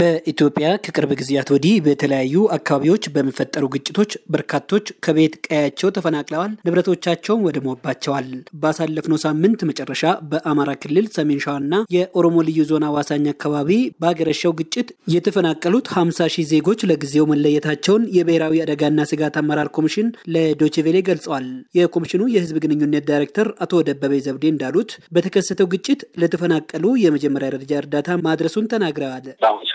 በኢትዮጵያ ከቅርብ ጊዜያት ወዲህ በተለያዩ አካባቢዎች በሚፈጠሩ ግጭቶች በርካቶች ከቤት ቀያቸው ተፈናቅለዋል፣ ንብረቶቻቸውም ወድሞባቸዋል። ባሳለፍነው ሳምንት መጨረሻ በአማራ ክልል ሰሜን ሸዋና የኦሮሞ ልዩ ዞን አዋሳኝ አካባቢ በሀገረሸው ግጭት የተፈናቀሉት 50 ሺህ ዜጎች ለጊዜው መለየታቸውን የብሔራዊ አደጋና ስጋት አመራር ኮሚሽን ለዶችቬሌ ገልጸዋል። የኮሚሽኑ የህዝብ ግንኙነት ዳይሬክተር አቶ ደበበይ ዘብዴ እንዳሉት በተከሰተው ግጭት ለተፈናቀሉ የመጀመሪያ ደረጃ እርዳታ ማድረሱን ተናግረዋል።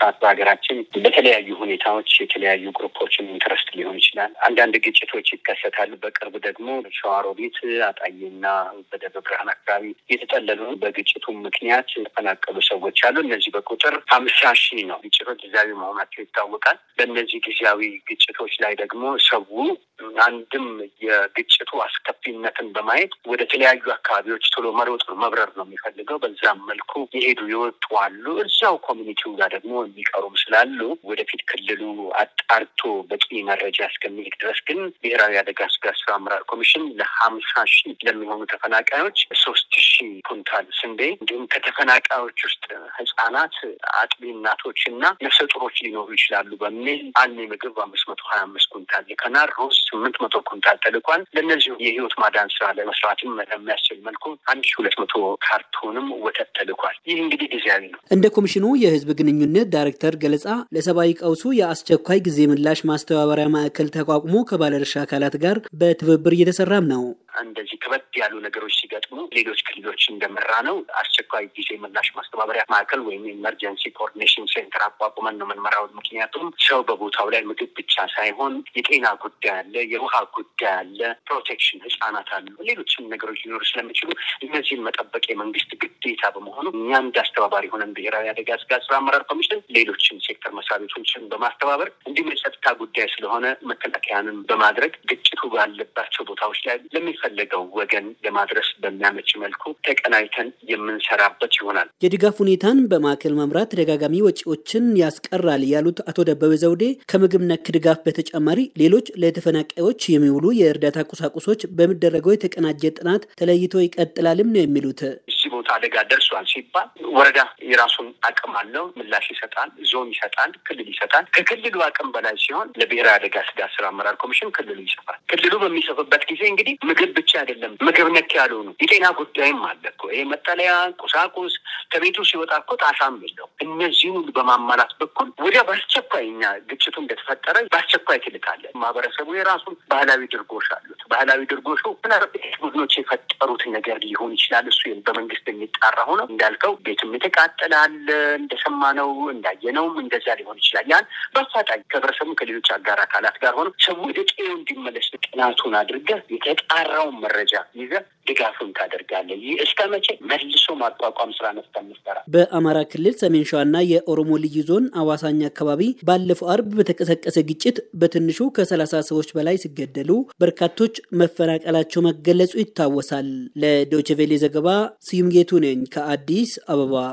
ሰዓት በሀገራችን በተለያዩ ሁኔታዎች የተለያዩ ግሩፖችን ኢንትረስት ሊሆን ይችላል። አንዳንድ ግጭቶች ይከሰታሉ። በቅርብ ደግሞ ሸዋሮቢት፣ አጣዬና በደብረ ብርሃን አካባቢ የተጠለሉ በግጭቱ ምክንያት የተፈናቀሉ ሰዎች አሉ። እነዚህ በቁጥር ሀምሳ ሺህ ነው። ግጭቶች ጊዜያዊ መሆናቸው ይታወቃል። በእነዚህ ጊዜያዊ ግጭቶች ላይ ደግሞ ሰው አንድም የግጭቱ አስከፊነትን በማየት ወደ ተለያዩ አካባቢዎች ቶሎ መሮጥ ነው መብረር ነው የሚፈልገው። በዛም መልኩ የሄዱ የወጡ አሉ። እዛው ኮሚኒቲው ጋር ደግሞ የሚቀሩም ስላሉ ወደፊት ክልሉ አጣርቶ በቂ መረጃ እስከሚልክ ድረስ ግን ብሔራዊ አደጋ ስጋት ስራ አመራር ኮሚሽን ለሀምሳ ሺህ ለሚሆኑ ተፈናቃዮች ሶስት ሺህ ኩንታል ስንዴ እንዲሁም ከተፈናቃዮች ውስጥ ህጻናት፣ አጥቢ እናቶች እና ነፍሰ ጡሮች ሊኖሩ ይችላሉ በሚል አንድ ምግብ አምስት መቶ ሀያ አምስት ኩንታል ልከናል። ሩዝ ስምንት መቶ ኩንታል ተልኳል። ለእነዚሁ የህይወት ማዳን ስራ ለመስራትም የሚያስችል መልኩ አንድ ሺህ ሁለት መቶ ካርቶንም ወተት ተልኳል። ይህ እንግዲህ ጊዜያዊ ነው። እንደ ኮሚሽኑ የህዝብ ግንኙነት ዳይሬክተር ገለጻ ለሰብአዊ ቀውሱ የአስቸኳይ ጊዜ ምላሽ ማስተባበሪያ ማዕከል ተቋቁሞ ከባለድርሻ አካላት ጋር በትብብር እየተሰራም ነው። እንደዚህ ከበድ ያሉ ነገሮች ሲገጥሙ ሌሎች ክልሎች እንደመራ ነው አስቸኳይ ጊዜ ምላሽ ማስተባበሪያ ማዕከል ወይም ኤመርጀንሲ ኮኦርዲኔሽን ሴንተር አቋቁመን ነው የምንመራው። ምክንያቱም ሰው በቦታው ላይ ምግብ ብቻ ሳይሆን የጤና ጉዳይ አለ፣ የውሃ ጉዳይ አለ፣ ፕሮቴክሽን ህጻናት አሉ፣ ሌሎችም ነገሮች ሊኖሩ ስለሚችሉ እነዚህን መጠበቅ የመንግስት ግዴታ በመሆኑ እኛ እንደ አስተባባሪ ሆነን ብሔራዊ አደጋ ስጋት ስራ አመራር ኮሚሽን ሌሎችም ሴክተር መስሪያ ቤቶችን በማስተባበር እንዲሁም የጸጥታ ጉዳይ ስለሆነ መከላከያንን በማድረግ ግጭቱ ባለባቸው ቦታዎች ላይ ለሚፈ ለሚፈለገው ወገን ለማድረስ በሚያመች መልኩ ተቀናይተን የምንሰራበት ይሆናል። የድጋፍ ሁኔታን በማዕከል መምራት ተደጋጋሚ ወጪዎችን ያስቀራል ያሉት አቶ ደበበ ዘውዴ ከምግብ ነክ ድጋፍ በተጨማሪ ሌሎች ለተፈናቃዮች የሚውሉ የእርዳታ ቁሳቁሶች በሚደረገው የተቀናጀ ጥናት ተለይቶ ይቀጥላልም ነው የሚሉት። እዚህ ቦታ አደጋ ደርሷል ሲባል ወረዳ የራሱን አቅም አለው፣ ምላሽ ይሰጣል፣ ዞን ይሰጣል፣ ክልል ይሰጣል። ከክልሉ አቅም በላይ ሲሆን ለብሔራዊ አደጋ ስጋት ስራ አመራር ኮሚሽን ክልሉ ይሰፋል። ክልሉ በሚሰፍበት ጊዜ እንግዲህ ምግብ ብቻ አይደለም፣ ምግብ ነክ ያልሆኑ የጤና ጉዳይም አለ እኮ ይሄ መጠለያ ቁሳቁስ ከቤቱ ሲወጣ እኮ ጣሳም የለው እነዚህን ሁሉ በማሟላት በኩል ወዲያ በአስቸኳይ እኛ ግጭቱ እንደተፈጠረ በአስቸኳይ ትልካለን። ማህበረሰቡ የራሱን ባህላዊ ድርጎሽ አሉት። ባህላዊ ድርጎሹ ምናልባት ቡድኖች የፈጠሩት ነገር ሊሆን ይችላል። እሱ በመንግስት የሚጣራ ሆነ እንዳልከው ቤትም የተቃጠለ እንደሰማነው እንዳየነውም እንደዛ ሊሆን ይችላል። ያን በአፋጣኝ ከህብረተሰቡ ከሌሎች አጋር አካላት ጋር ሆነ ሰው ወደ ጤው እንዲመለስ ጥናቱን አድርገህ የተጣራውን መረጃ ይዘህ ድጋፍም ታደርጋለን። ይህ እስከ መቼ መልሶ ማቋቋም ስራ ነፍተ ምሰራ በአማራ ክልል ሰሜን ሸዋና የኦሮሞ ልዩ ዞን አዋሳኝ አካባቢ ባለፈው አርብ በተቀሰቀሰ ግጭት በትንሹ ከሰላሳ ሰዎች በላይ ሲገደሉ በርካቶች መፈናቀላቸው መገለጹ ይታወሳል። ለዶችቬሌ ዘገባ ስዩም ጌቱ ነኝ ከአዲስ አበባ